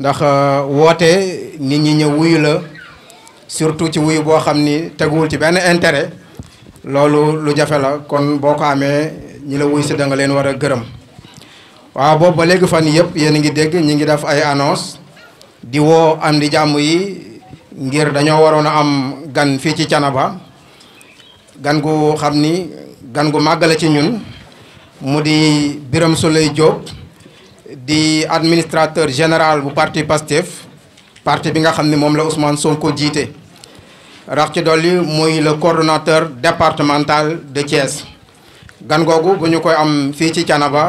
ndax euh, woote nit ñi ñëw wuyu la surtout ci wuyu boo xam ni teguwul ci benn intérêt loolu lu jafe la kon boo ko amee ñi la wuyu si da nga leen war a gërëm waaw boobu ba léegi fan yëpp yéen a ngi dégg ñu ngi def ay annonce di woo am di jàmm yi ngir dañoo waroon a am gan fii ci Thiénaba gan gu xam ni gan gu màgg la ci ñun mu di Birame Souleye Diop di administrateur général bu partie PASTEF partie bi nga xam ni moom la Ousmane Sonko jiite rax ci dolli muy le coordonnateur départemental de Thiès gan googu bu ñu koy am fii ci Thiénaba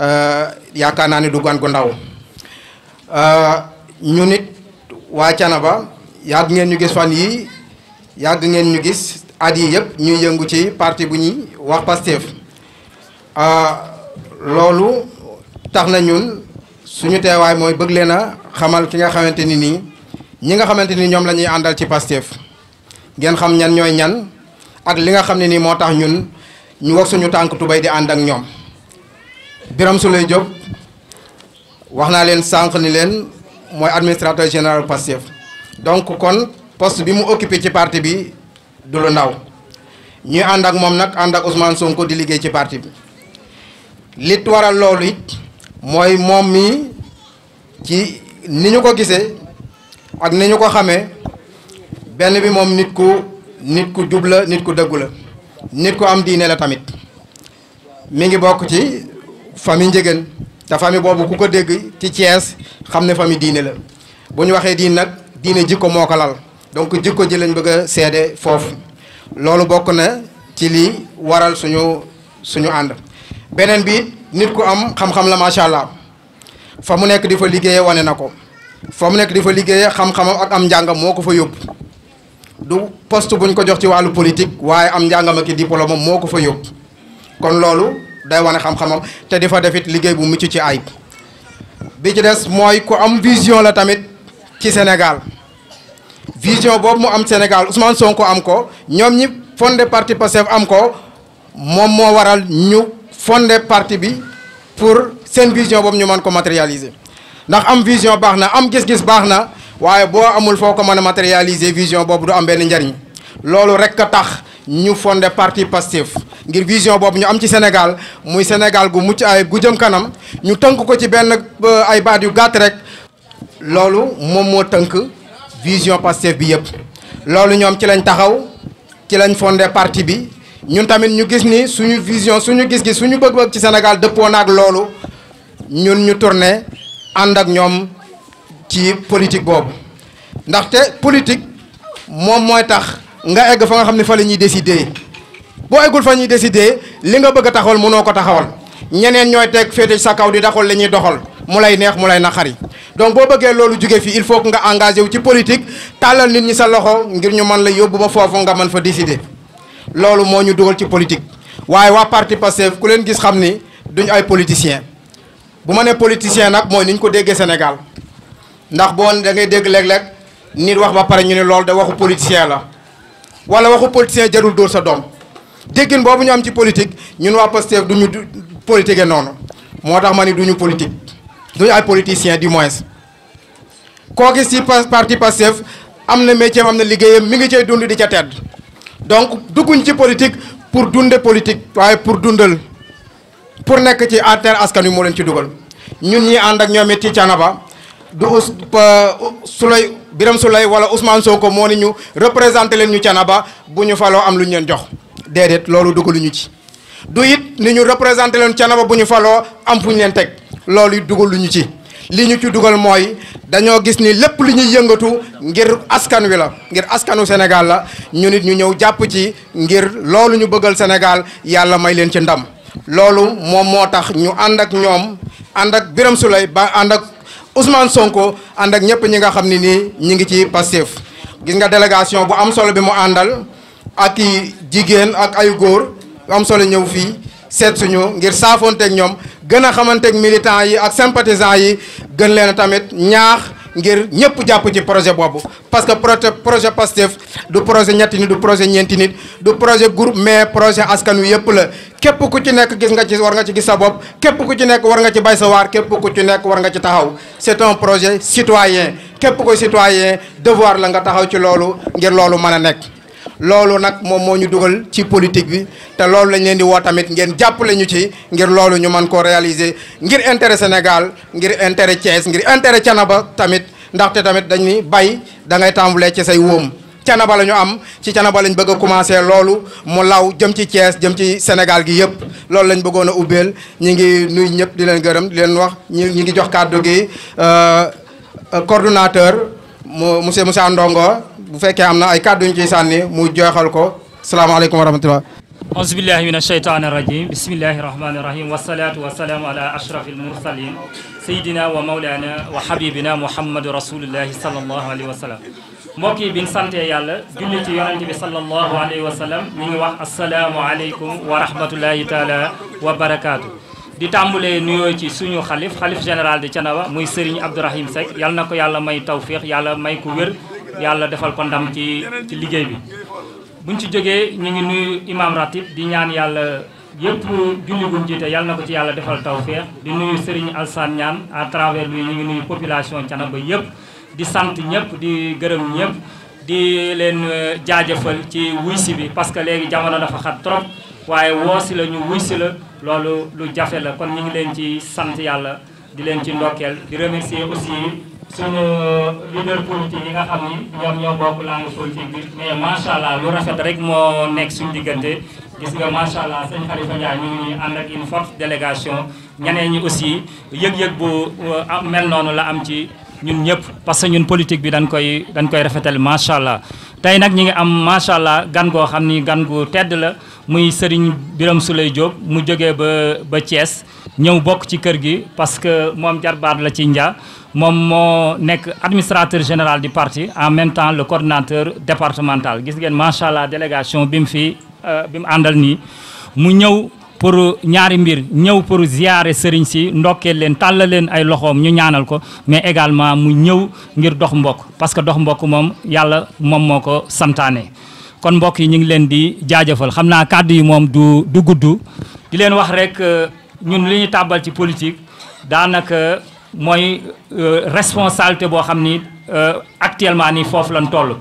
euh, yaakaar naa ni du gan gu ndaw euh, ñu nit waa Thiénaba yàgg ngeen ñu gis fan yi yàgg ngeen ñu gis at yi yëpp ñuy yëngu ci partie bu ñuy wax PASTEF euh, loolu tax na ñun suñu teewaay mooy bëgg leen a xamal ki nga xamante ni nii ñi nga xamante ni ñoom la ñuy àndal ci Pastef ngeen xam ñan ñooy ñan ak li nga xam ne nii moo tax ñun ñu war suñu tànk tubay di ànd ak ñoom Birame Souleye Diop wax naa leen sànq ni leen mooy administrateur général Pastef donc kon post bi mu occupé ci partie bi du lu ndaw ñuy ànd ak moom nag ànd ak Ousmane Sonko di liggéey ci partie bi li waral loolu it mooy moom mii ci ni ñu ko gisee ak ni ñu ko xamee benn bi moom nit ku nit ku jub la nit ku dëggu la nit ku am diine la tamit mi ngi bokk ci famille Ndiéguène te famille boobu ku ko dégg ci Thiès xam ne famille diine la bu ñu waxee diine nag diine jikko moo ko lal donc jikko ji lañ bëgg a seede foofu loolu bokk na ci li waral suñu suñu ànd beneen bi nit ku am xam-xam la macha allah fa mu nekk di fa liggéeyee wane na ko fa mu nekk di fa liggéeyee xam-xamam ak am njàngam moo ko fa yóbbu du poste buñ ko jox ci wàllu politique waaye am njàngam ak i diplôme moo ko fa yóbbu kon loolu day wane xam-xamam te di fa def defit liggéey bu mucc ci ayib bi ci des mooy ku am vision la tamit ci Sénégal vision boobu mu am Sénégal Ousmane Sonko am ko ñoom ñi fondé partie Pastef am ko moom moo waral ñu. fondé parti bi pour seen vision boobu ñu mën ko matérialiser ndax am vision baax na am gis-gis baax na waaye boo amul foo ko mën a matérialiser vision boobu du am benn njariñ loolu rek a tax ñu fondé parti Pastef ngir vision boobu ñu am ci Sénégal muy Sénégal gu mucc ayib gu jëm kanam ñu tënk ko ci benn euh, ay baat yu gàtt rek loolu moom moo tënk vision Pastef bi yëpp loolu ñoom ci lañ taxaw ci lañ fondé parti bi ñun tamit ñu gis ni suñu vision suñu gis-gis suñu bëgg-bëgg ci senegal dëppoo ak loolu ñun ñu tourné ànd ak ñoom ci politique boobu ndaxte politique moom mooy tax nga egg fa nga xam ne fa la ñuy décider boo eggul fa ñuy décider li nga bëgg a taxawal mënoo ko taxawal ñeneen ñooy teg féete sa kaw di doxal li ñuy doxal mu lay neex mu lay yi donc boo bëggee loolu jóge fii il faut que nga engagé wu ci politique tàllal nit ñi sa loxo ngir ñu mën la yóbbu ba foofu nga mën fa décider. loolu moo ñu dugal ci politique waaye waa parti Pastef ku leen gis xam ni duñu ay politicien bu ma ne politicien nag mooy ni ñu ko déggee Sénégal ndax boo da ngay dégg léeg-léeg nit wax ba pare ñu ne loolu da waxu politicien la wala waxu politicien jarul dóor sa doom déggin boobu ñu am ci politique ñun waa Pastef duñu politique noonu moo tax ma ni duñu politique duñu ay politicien di moins koo gis ci parti Pastef am na métier am na liggéeyam mi ngi cee dund di ca donc dugguñ ci politique pour dunde politique waaye pour dundal pour nekk ci APR askan wi moo leen ci dugal ñun ñi ànd ak ñoom it ci Thiénaba du us biram Birame Souley wala Ousmane Sonko moo ni ñu représenté leen ñu Thiénaba bu ñu falo am lu ñu leen jox déedéet loolu lu ñu ci du it ni ñu représenté leen Thiénaba bu ñu faloo am fu ñu leen teg loolu dugal lu ñu ci li ñu ci dugal mooy dañoo gis ni lépp lu ñuy yëngatu ngir askan wi la ngir askanu senegal la ñu nit ñu ñëw jàpp ci ngir loolu ñu bëggal Sénégal yàlla may leen ci ndam loolu moom moo tax ñu ànd ak ñoom ànd ak Birame Souleye ba ànd ak Ousmane Sonko ànd ak ñëpp ñi nga xam ne nii ñi ngi ci Pastef gis nga délégation bu am solo bi mu àndal ak i jigéen ak ay góor am solo ñëw fii seet suñu ngir saafoonteeg ñoom gën a xamante ak militants yi ak sympathisants yi gën leen tamit ñaax ngir ñëpp jàpp ci projet boobu parce que projet projet Pastef du projet ñetti nit du projet ñeenti nit du projet groupe mais askan wi yëpp la képp ku ci nekk gis nga ci war nga ci gis sa bopp képp ku ci nekk war nga ci bay sa waar képp ku ci nekk war nga ci taxaw c'est un projet citoyen képp ko citoyen devoir la nga taxaw ci loolu ngir loolu mën a nekk loolu nag moom moo ñu dugal ci politique bi te loolu lañ leen di woo tamit ngeen jàppale ñu ci ngir loolu ñu mën koo réaliser ngir intérêt Sénégal ngir intérêt Thiès ngir intérêt Thiénaba tamit ndaxte tamit dañuy bay dangay ngay tàmbalee say wóom Thiénaba la ñu am ci Thiénaba lañ bëgg a commencé loolu mu law jëm ci Thiès jëm ci Sénégal gi yëpp loolu lañ bëggoon a ubbeel ñi ngi nuy ñëpp di leen gërëm di leen wax ñi ñi ngi jox kàddu gi euh, coordonnateur monsieur Moussa Ndongo bu fekkee am na ay kàddu ñu ciy sànni mu joxal ko salaamaaleykum wa rahmatullah aousubillahi min asheytani irajim bismillahi irahmani irahim wasalatu wasalaamu ala ashraf almursalin sayidina wa maulana wa habibina mouhamadou rasulullahi salallahu alayhi wa sallam mbokk yi bi ñu santee yàlla julli ci yonent bi salallahu alayhi wa sallam ñu ngi wax asalaamu aleykum wa rahmatullahi taala wa barakaatu di tàmbulee nuyoo ci suñu xalif xalif général de Thiénaba muy Serigne Abdourahim Seck yàlla na ko yàlla may tawfiq yàlla may ko yàlla defal ko ndam ci ci liggéey bi buñ ci jógee ñu ngi nuyu imam ratib di ñaan yàlla yëpp julli bu jiite yàlla na ko ci yàlla defal tawfeex di nuyu Serigne Alsane ñaan à travers lui ñu ngi nuyu population Thiénaba yëpp di sant ñëpp di gërëm ñëpp di leen euh, jaajëfal ci wuy bi parce que léegi jamono dafa xat trop waaye woo si la ñu wuy si la loolu lu jafe la kon ñu ngi leen ci sant yàlla di leen ci ndokkeel di remercier aussi suñu leader politique yi nga xam ni ñoom ñoo bokk langue politique bi mais macha allah lu rafet rek moo nekk suñu diggante gis nga macha allah sëñ Khalifa Ndiaye ñu ngi délégation ñeneen ñi aussi yëg bu euh, mel noonu la am ci ñun ñëpp parce que ñun politique bi dañ koy dañ koy rafetal macha allah. tey nag ñi ngi am macha allah gan goo xam ni gan gu tedd la muy Serigne Birame Souleye Diop mu jógee ba ba Thiès. ñëw bokk ci kër gi parce que moom jarbaat la ci Ndia moom moo nekk administrateur général di parti en même temps le coordinateur départemental gis ngeen macha allah délégation bi mu fi euh, bi mu àndal nii mu ñëw pour ñaari mbir ñëw pour ziyaare sëriñ si ndokkee leen tàllal leen ay loxoom ñu ñaanal ko mais également mu ñëw ngir dox mbokk parce que dox mbokk moom yàlla moom moo ko santaane kon mbokk yi ñu ngi leen di jaajëfal xam naa kàddu yi moom du du gudd ñun li ñu tàbbal ci politique daanaka mooy euh, responsabilité boo xam ni euh, actuellement nii foofu lañ toll.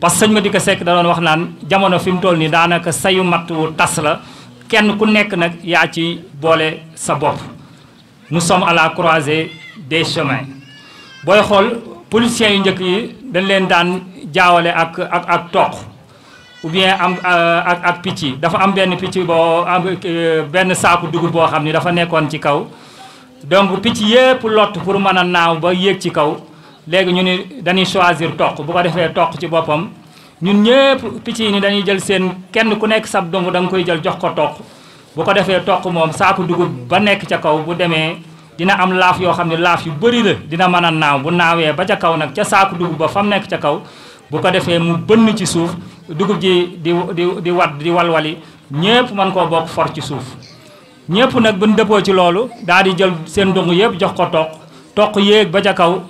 parce que ma Madické Seck da doon wax naan jamono fi mu toll nii daanaka sayu matt wu tas la kenn ku nekk nag yaa ci boole sa bopp. nous sommes à la croisée des chemins booy xool politiciens yu njëkk yi dañ leen daan jaawale ak ak ak toq. ou bien am euh, ak ak picc yi dafa am benn picc boo am euh, benn saaku dugub boo xam ni dafa nekkoon ci kaw donc picc yépp lott pour mën a naaw ba yéeg ci kaw léegi ñu ni dañuy choisir toq bu ko defee toq ci boppam ñun ñëpp picc yi ni dañuy jël seen kenn ku nekk sab dongu da nga koy jël jox ko toq bu ko defee toq moom saaku dugub ba nekk ca kaw bu demee dina am laaf yoo xam ne laaf yu bëri la dina mën a naaw bu naawee ba ca kaw nag ca saaku dugub ba fa mu nekk ca kaw bu ko defee mu bënn ci suuf dugub ji di di di wadd di walwali ñëpp mën koo bokk fort ci suuf ñëpp nag buñ dëppoo ci loolu daal di jël seen dung yëpp jox ko toq toq yéeg ba ca kaw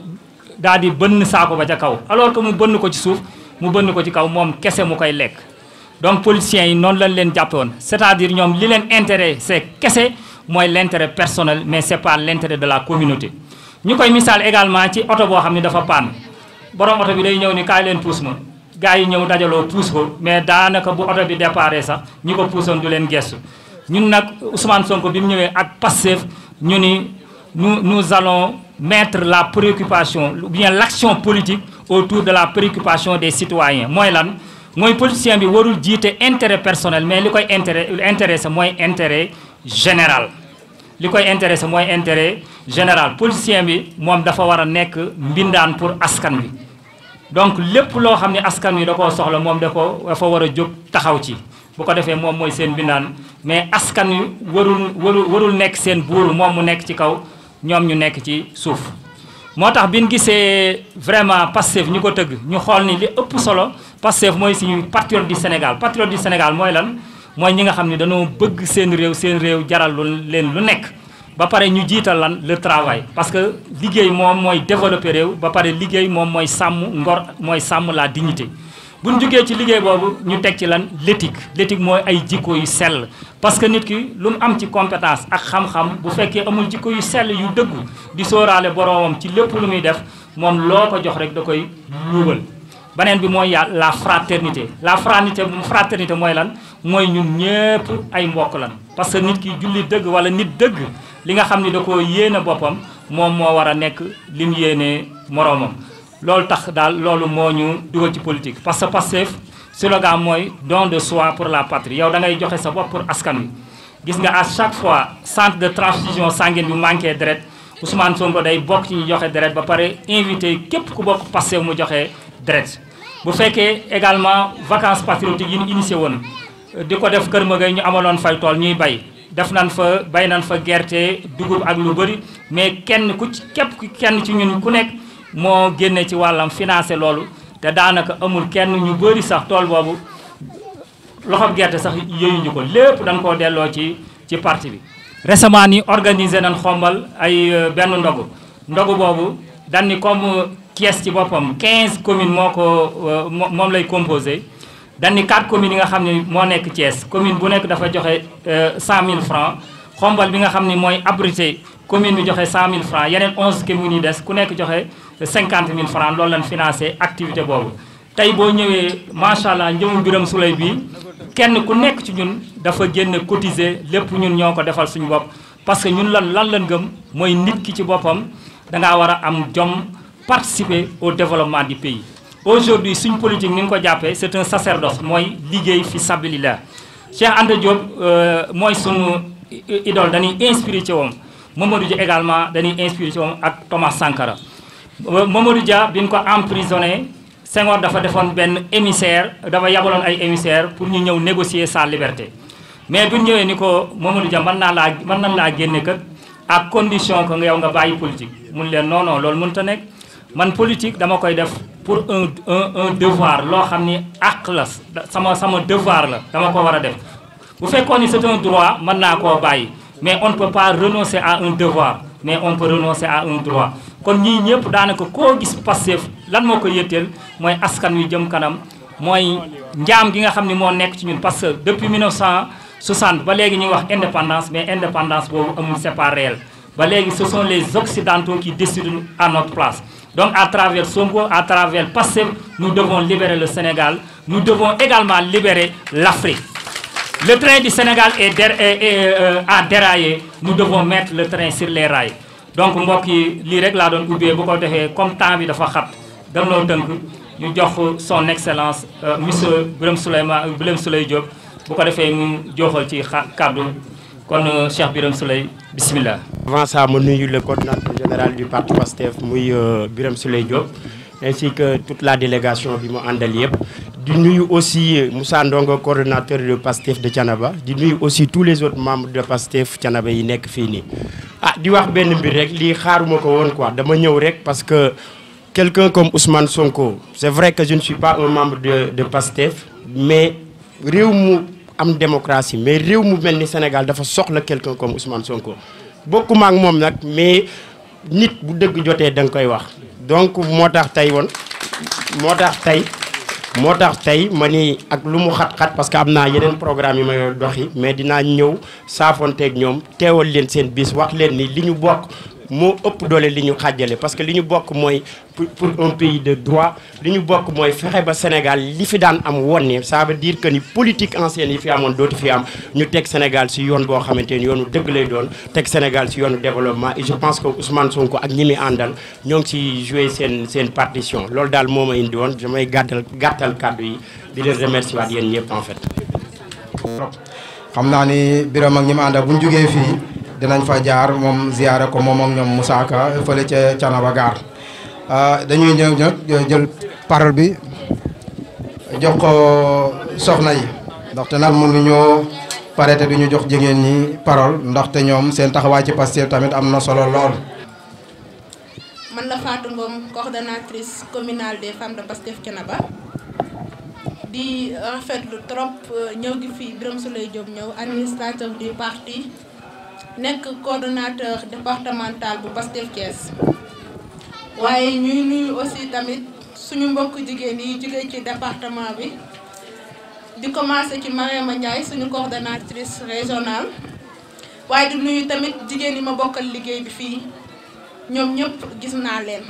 daal di bënn saako ba ca kaw alors que mu bënn ko ci suuf mu bënn ko ci kaw moom kese mu koy lekk donc politiciens yi noonu lañ leen jàppoon c'est-à-dire ñoom li leen intérêt c'est kese mooy l'intérêt personnel mais c'est pas l'intérêt de la communauté ñu koy misaal également ci oto boo xam ne dafa panne borom oto bi day ñëw ni kaay leen puus ma gars yi ñëw dajaloo puus ko mais daanaka bu oto bi déparé sax ñi ko puusoon du leen gestu ñun nag Ousmane Sonko bi mu ñëwee ak Pastef ñu ni nous nous allons mettre la préoccupation ou bien politique autour de la préoccupation des citoyens mooy lan mooy politicien bi warul jiite intérêt personnel mais li koy intérêt intéressé mooy intérêt général li koy intéressé mooy intérêt général politicien bi moom dafa war a nekk mbindaan pour askan bi donc lépp loo xam ne askan wi da ko soxla moom da ko dafa war a jóg taxaw ci bu ko defee moom mooy seen bindaan mais askan wi warul warul warul nekk seen buur moom mu nekk ci kaw ñoom ñu nekk ci suuf moo tax bi ñu gisee vraiment Pastef ñu ko tëgg ñu xool ni li ëpp solo Pastef mooy suñu patriote du Sénégal patriote du Sénégal mooy lan mooy ñi nga xam ni dañoo bëgg seen réew seen réew jaral lu leen lu nekk ba pare ñu jiital lan le travail parce que liggéey moom mooy développer réew ba pare liggéey moom mooy sàmm ngor mooy sàmm laa dignité bu ñu jógee ci liggéey boobu ñu teg ci lan l'éthique l'éthique mooy ay jikko yu sell parce que nit ki lu mu am ci compétence ak xam-xam bu fekkee amul jikko yu sell yu dëggu di sóoraale boroomam ci lépp lu muy def moom loo ko jox rek da koy luubal beneen bi mooy yàlla la fraternité la fraternité fraternité mooy lan mooy ñun ñépp ay mbokk lan parce que nit ki julli dëgg walla nit dëgg li nga xam ni da ko yéene boppam moom moo war a nekk lim yéene moroomam loolu tax daal loolu moo ñu dugal ci politique parce que Pastef slogan mooy don de soi pour la patrie yow da ngay joxe sa bopp pour askan wi gis nga à chaque fois centre de transfusion sanguine bi manqué deret Ousmane Sonko day bokk ci ñu joxe deret ba pare invité képp ku bokk Pastef mu joxe deret bu fekkee également vacances patriotiques yi ñu initié woon di ko def Kër Magay ñu amaloon fay tool ñuy bay def nan fa bay nan fa gerte dugub ak lu bëri mais kenn ku ci képp kenn ci ñun ku nekk moo génne ci wàllam financé loolu te daanaka amul kenn ñu bëri sax tool boobu loxob gerte sax yëyuñu ko lépp dañ koo delloo ci ci parti bi. récemment ni organisé nan xombal ay euh, benn ndogu ndogu boobu dañ ni comme Thiès euh, ci boppam 15 commune moo ko euh, moom lay composé. dañ ni quatre communes yi nga xam ne moo nekk Thiès commune bu nekk dafa joxe euh, mille francs xombal bi nga xam ni mooy abrité commune bi joxe cent mille francs yeneen 11 communes yi des ku nekk joxe cinquante mille francs loolu lañ financé activité boobu. tey boo ñëwee macha allah njëmu biram sulay bii kenn ku nekk ci ñun dafa génn cotiser lépp ñun ñoo ko defal suñu bopp parce que ñun lan lan lan gëm mooy nit ki ci boppam da war a am jom participer au développement du pays. aujourd'hui suñ politique ni nga ko jàppee c'est un sacerdoce mooy liggéey fi sabilillah Cheikh Anta Diop euh, mooy sunu idole dañuy inspiré ci moom Mamadou Dia également dañuy inspiré ci moom ak Thomas Sankara Mamadou Dia bi ñu ko emprisonné Senghor dafa defoon benn émissaire dafa yabaloon ay émissaire pour ñu ñëw négocier sa liberté mais bu ñëwee ni ko Mamadou Dia mën naa laa mën nañ laa génne kat à condition ko nga yow nga bàyyi politique mun leen non non loolu mënut a nekk. man politique dama koy def pour un un un devoir loo xam ni àq la sama sama devoir la dama ko war a def bu fekkoon ni c'est un droit mën naa koo bàyyi mais on ne peut renoncer à un devoir mais on peut renoncer à un droit kon ñii ñëpp daanaka koo gis Pastef lan moo ko yëtteel mooy askan wi jëm kanam mooy njaam gi nga xam ne moo nekk ci ñun parce que cent 1960 ba léegi ñuy wax indépendance mais indépendance boobu amul c'est ba léegi ce sont les occidentaux qui décident à notre place Donc à travers Sonko, à travers PASSEF, nous devons libérer le Sénégal. Nous devons également libérer l'Afrique. Le train du Sénégal est, der, est, est euh, à dérailler. Nous le train sur le rails. Donc mbokk yi lii rek laa doon ubbee bu ko defee comme temps bi dafa xat dañ loo tënk ñu jox son excellence euh, monsieur Birame Souleye Birame Souleye Diop bu ko defee mu joxal ci kàddu kon euh, Cheikh Birame Souleye bisimilah. avant ça ma nuyu le coordinateur général du parti PASTEF muy euh, biram Souleye Diop. ainsi que toute la délégation bi mu àndal yëpp. di nuyu aussi euh, Moussa Ndongo coordonnateur de PASTEF de Thiénaba di nuyu aussi tous les autres membres de PASTEF Thiénaba yi nekk fii nii. ah di wax benn mbir rek lii xaaruma ko woon quoi dama ñëw rek parce que quelqu'un comme Ousmane Sonko c'est vrai que je ne suis pas un membre de de PASTEF mais réew mu. am démocratie mais réew mu mel ni Sénégal dafa soxla quelqu'un comme Ousmane Sonko bokkuma ak moom nag mais nit bu dëgg jotee danga koy wax donc moo tax tey woon moo tax tey moo tax tey ma nii ak lu mu xat-xat parce que am naa yeneen programme yi may doxi mais dinaa ñëw saafonteeg ñoom teewal leen seen biis wax leen ni li ñu bokk moo ëpp doole li ñu xàjjale parce que li ñu bokk mooy pour un pays de droit li ñu bokk mooy fexe ba Sénégal li fi daan am won ni ça veut dire que ni politique ancienne yi fi amoon dootu fi am ñu teg Sénégal si yoon boo xamante ni yoonu dëgg lay doon teg Sénégal si yoonu développement et je pense que Ousmane Sonko ak ñi muy àndal ñoo ngi ci joué seen seen partition loolu daal moo ma indi woon damay gàttal gàttal kàddu yi di leen remercier waat yéen ñëpp en fait. xam naa ni Birame dinañ fa jaar moom ziyaare ko moom ak ñoom Moussa Ka fële ca Canaba Gaar ah, dañuy ñëw nag jël parole bi jox ko soxna yi ndaxte nag mënuñoo pare te duñu jox jigéen ñi parole ndaxte ñoom seen taxawaay ci Pastef tamit am na solo lool. man la Fatou Ngom coordonnatrice communale des femmes de Pastef Thiénaba di rafetlu trop euh, ñëw gi fii Birame Souleye Diop ñëw administrateur du parti. nekk coordonnateur départemental bu Pastef Thiès waaye ñuy nuyu aussi tamit suñu mbokk jigéen yi jógee ci département bi di commencé ci Mariama Ndiaye suñu coordonnatrice régionale waaye di nuyu tamit jigéen yi ma bokkal liggéey bi fii ñoom ñëpp gis naa leen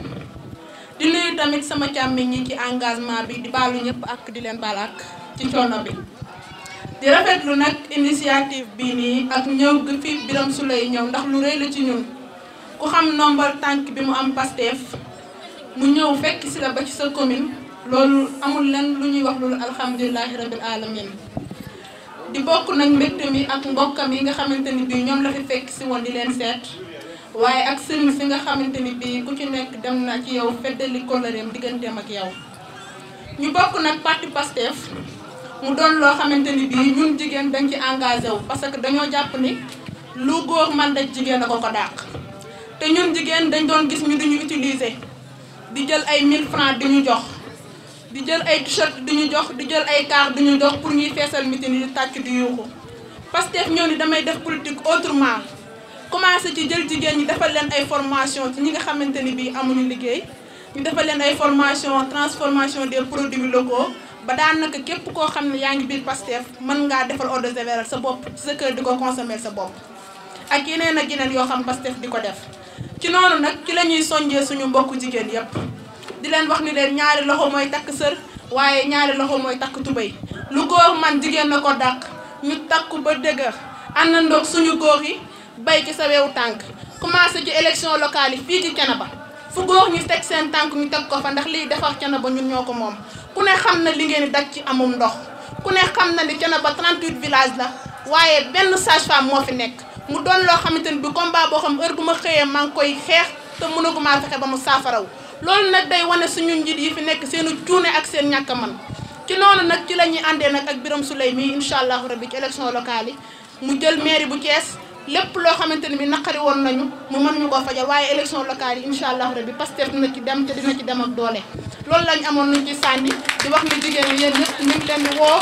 di nuyu tamit sama càmmiñ ñi ci engagement bi di baalu ñëpp ak di leen baal ci coono bi di rafetlu nag initiative bii nii ak ñëw gi fi Birame Souleye ñëw ndax lu rëy la ci ñun ku xam nombal tànk bi mu am Pastef mu ñëw fekk si la ba ci sa commune loolu amul lenn lu ñuy wax loolu alhamdulilahi rabil alamin di bokk nag mbégte yi ak mbokkam yi nga xamante ni bii ñoom la fi fekk si woon di leen seet waaye ak sëriñ si nga xamante ni bii ku ci nekk dem naa ci yow feddali kóllëreem digganteem ak yow ñu bokk nag parti Pastef mu doon loo xamante ni bii ñun jigéen dañ ci engagé wu parce que dañoo jàpp ni lu góor man daj jigéen a ko ko dàq te ñun jigéen dañ doon gis ñu duñu utiliser di jël ay 1000 francs di ñu jox di jël ay t-shirt di jox di jël ay kaar di ñu jox pour ñuy feesal mitin yi tàcc di yuuxu Pastef ñoo ni damay def politique autrement commencé ci jël jigéen ñi dafa leen ay formation ci ñi nga xamante ni bii amuñu liggéey ñu defal leen ay formation transformation des produits locaux ba daanaka képp koo xam ne yaa ngi biir Pastef mën ngaa defal eau de javel sa bopp sa kër di ko consommer sa bopp ak yeneen a yeneen yoo xam Pastef di ko def ci noonu nag ki la ñuy soñjee suñu mbokku jigéen yépp di leen wax ni leen ñaari loxo mooy takk sër waaye ñaari loxo mooy takk tubéy lu góor man jigéen na ko dàq ñu takku ba dëgër àndandoog suñu góor yi bay ci sa wewu tànk commencé ci élection locale yi fii ci Thiénaba fu góor ñi teg seen tànk ñu teg ko fa ndax liy defar Thiénaba ñun ñoo ko moom ku ne xam na li ngeen di daj ci amum ndox ku ne xam na ni Thiénaba 38 village la waaye benn sage-femme moo fi nekk mu doon loo xamante ni bi combat boo xam heure bu ma xëyee maa ngi koy xeex te mënaguma fexe ba mu saafaraw loolu nag day wane suñu njiit yi fi nekk seenu cuune ak seen ñàkk man ci noonu nag ci la ñuy àndee nag ak biram Souleye mi incha allahu bi ci élection locale yi mu jël mairie bu cees lépp loo xamante ne bi naqari woon nañu mu mën ñu koo fajal waaye élection locale yi incha allahu rabbi Pastef dina ci dem te dina ci dem ak doole loolu lañ amoon nuñ ci sànni di wax ni jigéen ñi ñu ngi leen di woo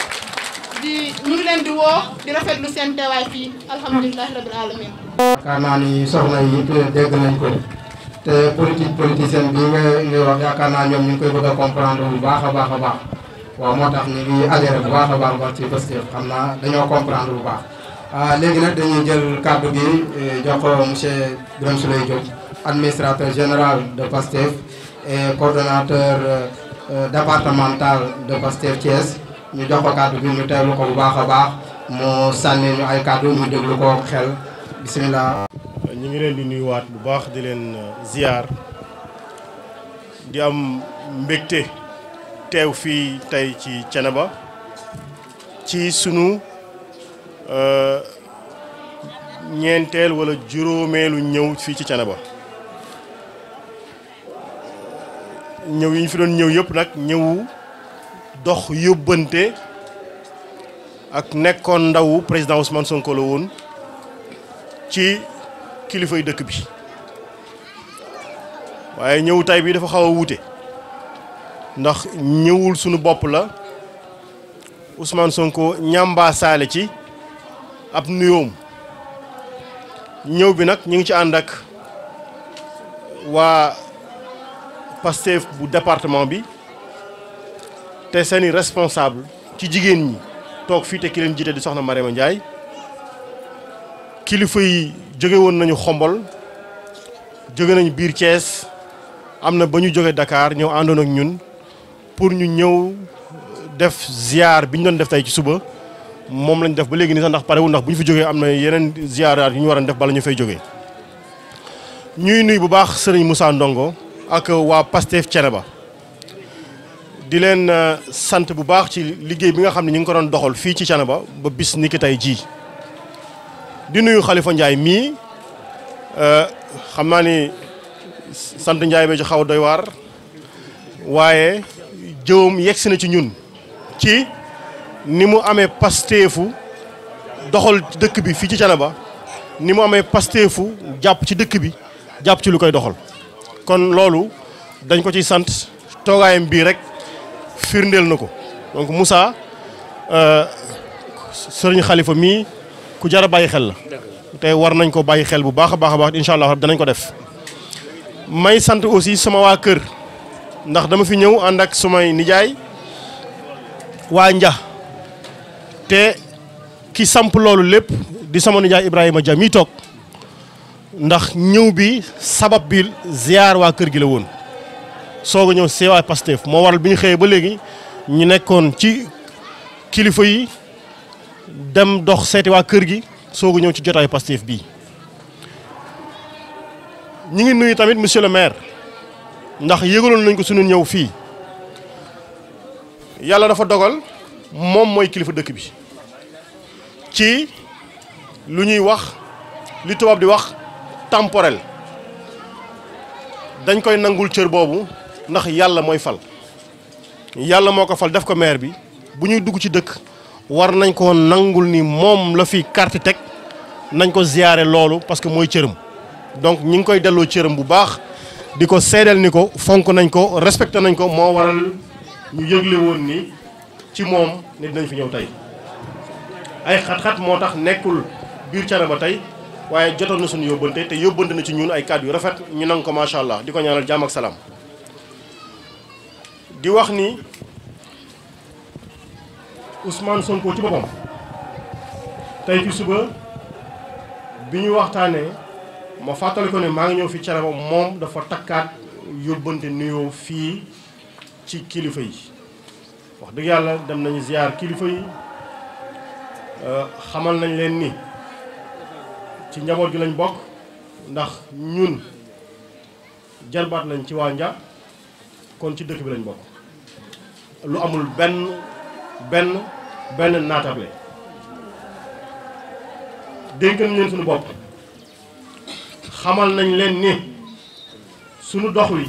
di ñu ngi seen teewaay fii alhamdulilahi rabbil alamin yaakaar naa soxna yi yëpp dégg nañ ko te politique politicien bi nga ngay wax yaakaar naa ñoom ñu ngi koy bëgg a comprendre bu baax a baax a baax waaw moo tax ñu ngi adhéré bu baax a baax baax ci Pastef xam dañoo comprendre bu baax ah léegi nag dañuy jël kàddu gi eh, jox ko monsieur Birame Souleye Diop administrateur général de PASTEF et coordonnateur euh, départemental de PASTEF Thiès ñu jox ko kàddu gi ñu teewlu ko bu baax a baax moo sànni ñu ay kàddu ñu déglu ko xel bisimilah. ñu ngi leen di nuyuwaat bu baax di leen euh, ziar di am mbégte teew fii tey ci Thiénaba ci sunu. Euh, ñeenteel wala juróomeelu ñëw fii ci Thiénaba ñëw yi ñu fi doon ñëw yëpp nag ñëwu dox yóbbante ak nekkoon ndawu président Ousmane Sonko la woon ci kilifay dëkk bi waaye ñëw tay bi dafa xaw a wuute ndax ñëwul sunu bopp la Ousmane Sonko ñambaasaale ci ab nuyoom ñëw bi nag ñu ngi ci ànd ak waa Pastef bu département bi te seeni responsable ci jigéen ñi toog fii te ki jiite di soxna Mariama Ndiaye kilifa yi jóge woon nañu xombol jóge nañu biir Thiès am na ba ñu jóge dakaar ñëw àndoon ak ñun pour ñu ñëw def ziar bi ñu doon def tey ci suba moom lañu def ba léegi nii sax ndax pare wu ndax bu ñu fi jógee am na yeneen ziaraat yu ñu war a def bala ñu fay jóge ñuy nuy bu baax sëriñ Moussa Ndongo ak waa Pastef ba di leen euh, sant bu baax ci liggéey bi nga xam ne ñu ngi ko doon doxal fii ci Thiénaba ba ba bis ni ki tey jii di nuyu xalifa Ndiaye mii euh, xam naa ni sant njaay ba ci xaw doy waar waaye jëwam yegsi na ci ñun ci ni mu amee fu doxal dëkk bi fii ci Thiénaba ni mu amee fu jàpp ci dëkk bi jàpp ci lu koy doxal kon loolu dañ ko ci sant toogaayam bii rek firndeel na ko donc Moussa euh, sëriñ xalifa mii ku jar a bàyyi xel la te war nañ ko bàyyi xel bu baax a baax a baax incha allah danañ ko def may sant aussi sama waa kër ndax dama fi ñëw ànd ak sumay nijaay waa nja te ki samp loolu lépp di sama nijaay Ibrahima Dia mi toog ndax ñëw bi sabab bi ziar waa kër gi la woon soog a ñëw seewaay Pastef moo waral bi ñu xëyee ba léegi ñu nekkoon ci kilifa yi dem dox seeti waa kër gi soog a ñëw ci jotaayu Pastef bii. ñu ngi nuyu tamit monsieur le maire ndax yëgaloon nañ ko sunu ñëw fii yàlla dafa dogal. moom mooy kilifa dëkk bi ci lu ñuy wax li tubaab di wax temporel dañ koy nangul cër boobu ndax yàlla mooy fal yàlla moo ko fal def ko maire bi bu ñuy dugg ci dëkk war nañ koo nangul ni moom la fi carte teg nañ ko ziyaare loolu parce que mooy cëram donc ñi ngi koy delloo cëram bu baax di ko seedeel ni ko fonk nañ ko respecté nañ ko moo waral ñu yëgle woon ni ci moom ne dinañ fi ñëw tey ay xat-xat moo tax nekkul biir cere ba tey waaye jotoon na suñu yóbbante te yóbbante na ci ñun ay kàddu yu rafet ñu nangu ko macha allah di ko ñaanal jàmm ak salaam di wax ni usmaan Sonko ci boppam tey ci suba bi ñu waxtaanee ma fàttali ne maa ngi ñëw fi Thiénaba moom dafa takkaat yóbbante nuyoo fii ci kilifa yi wax dëgg yàlla dem nañu ziar kilifa yi euh, xamal nañ leen ni ci njaboot gi lañ bokk ndax ñun jarbaat lañ ci waa Nja kon ci dëkk bi lañ bokk lu amul benn benn benn naatable dénk nañ leen bopp xamal nañ leen ni sunu dox wi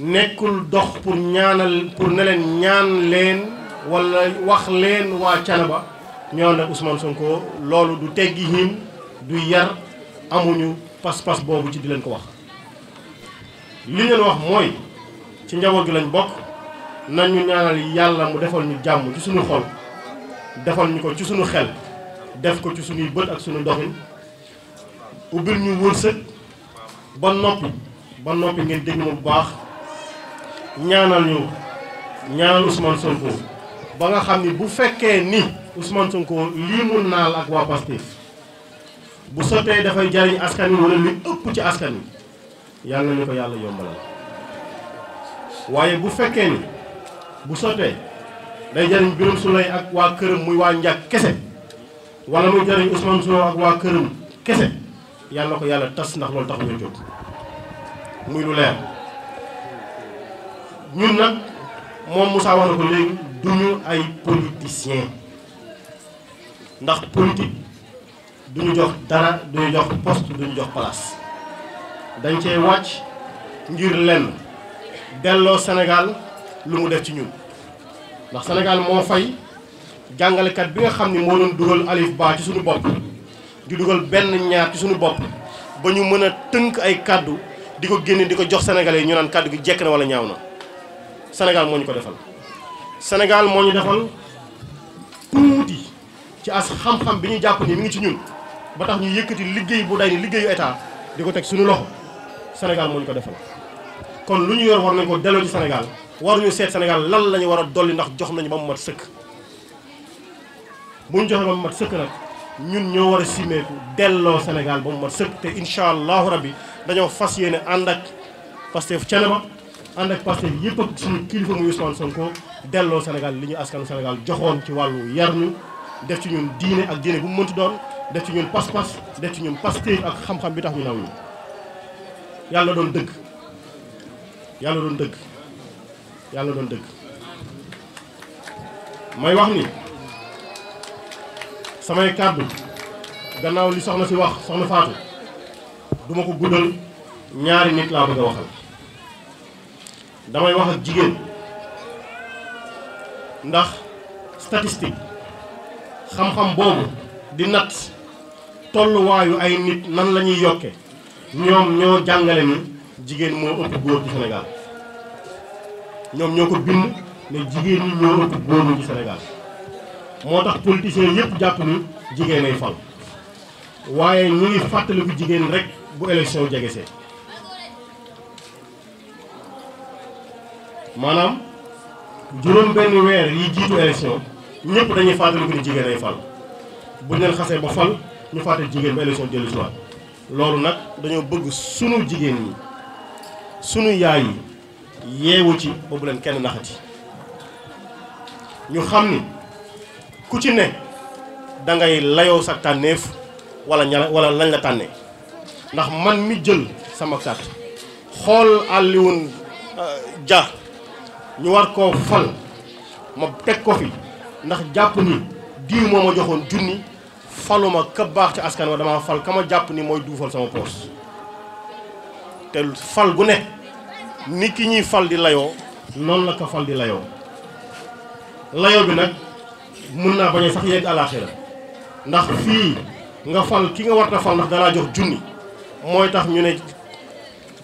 nekkul dox pour ñaanal pour ne ñaan leen wala wax leen waa Canaba ñoo ne Ousmane Sonko loolu du teggi hiin du yar amuñu pas-pas boobu ci di leen ko wax li ngeen wax mooy ci njaboot gi lañ bokk nañu ñaanal yàlla mu defal ñu jàmm ci suñu xol defal ñu ko ci suñu xel def ko ci suñuy bët ak suñu doxin ubbil ñu wërsëg ba noppi ba noppi ngeen déglu ma bu baax ñaanal ñu ñaanal Ousmane Sonko ba nga xam ni bu fekkee ni Ousmane Sonko lii mu naal ak waa Pastef bu sotee dafay jariñ askan wi wala lu ëpp ci askan wi yàlla ñu ko yàlla yombalal waaye bu fekkee ni bu sottee day jariñ Birame Souleye ak waa këram muy waa njàkk kese wala muy jariñ Ousmane Sonko ak waa këram kese yàlla ko yàlla tas ndax loolu tax ñu jóg muy lu leer ñun nag moom musaa wax na ko léegi duñu ay politiciens ndax politique duñu jox dara duñu jox poste duñu jox palaas dañ cee wàcc ngir lenn delloo Sénégal lu mu def ci ñun ndax Sénégal moo fay jàngalekat bi nga xam ni moo doon dugal alif ba ci suñu bopp di dugal benn ñaar ci suñu bopp ba ñu mën a tënk ay kàddu di ko génne di ko jox sénégalais yi ñu naan kàddu gi jekk na wala ñaaw na Sénégal moo ñu ko defal Sénégal moo ñu defal tuuti ci as xam-xam bi ñu jàpp ni mi ngi ci ñun ba tax ñu yëkkati liggéey bu day ni liggéeyu état di ko teg suñu loxo Sénégal moo ñu ko defal kon lu ñu yor war nañ ko delloo ci Sénégal waruñu seet Sénégal lan la ñu war a dolli ndax jox nañu ba mu mat sëkk bu ñu joxee ba mu mat sëkk nag ñun ñoo war a simmeeku delloo Sénégal ba mu mat sëkk te incha allahu dañoo fas yéene ànd ak Pastef Thiénaba ànd ak Pastef yëpp ak suñu kilifa muy Ousmane Sonko delloo Sénégal li ñu askanu Sénégal joxoon ci wàllu yar ñu def ci ñun diine ak diine bu mu mënti doon def ci ñun pas-pas def ci ñun Pastef ak xam-xam bi tax ñu naw ñu yàlla doon dëgg yàlla doon dëgg yàlla doon dëgg may wax ni samay kàddu gannaaw li soxna si wax soxna Fatou duma ko guddal ñaari nit laa bëgg a waxal damay wax ak jigéen ndax statistique xam-xam boobu di natt tolluwaayu ay nit nan la ñuy yokke ñoom ñoo jàngale ni jigéen moo ëpp góor ci senegal ñoom ñoo ko bind ne jigéen ñi ñoo ëpp góor ñi ci Sénégal moo tax politiciens yëpp jàpp ni jigéen ay fal waaye ñu ngi fàttaliku jigéen rek bu élection jegesee maanaam juróom benn weer yi jiitu élection ñëpp dañuy fàttaliku ni jigéen ay fal bu ñu leen xasee ba fal ñu fàttali jigéen ba élection jëli soit loolu nag dañoo bëgg sunu jigéen ñi sunu yaay yi yeewu ci ba bu leen kenn naxati ñu xam ni ku ci ne da ngay layoo sa tànneef wala ña wala lañ la tànnee ndax man mi jël sama carte xool Alioune euh, Dia ñu war koo fal ma teg ko fi ndax jàpp ni diw moo ma joxoon junni faluma ka baax ci askan wa dama fal ka ma jàpp ni mooy duufal sama poos te fal gu nekk ni ki ñuy fal di layoo noonu la ko fal di layoo layoo bi nag mën naa bañ a sax yegg àllaaxira ndax fii nga fal ki nga war a fal ndax dalaa jox junni mooy tax ñu ne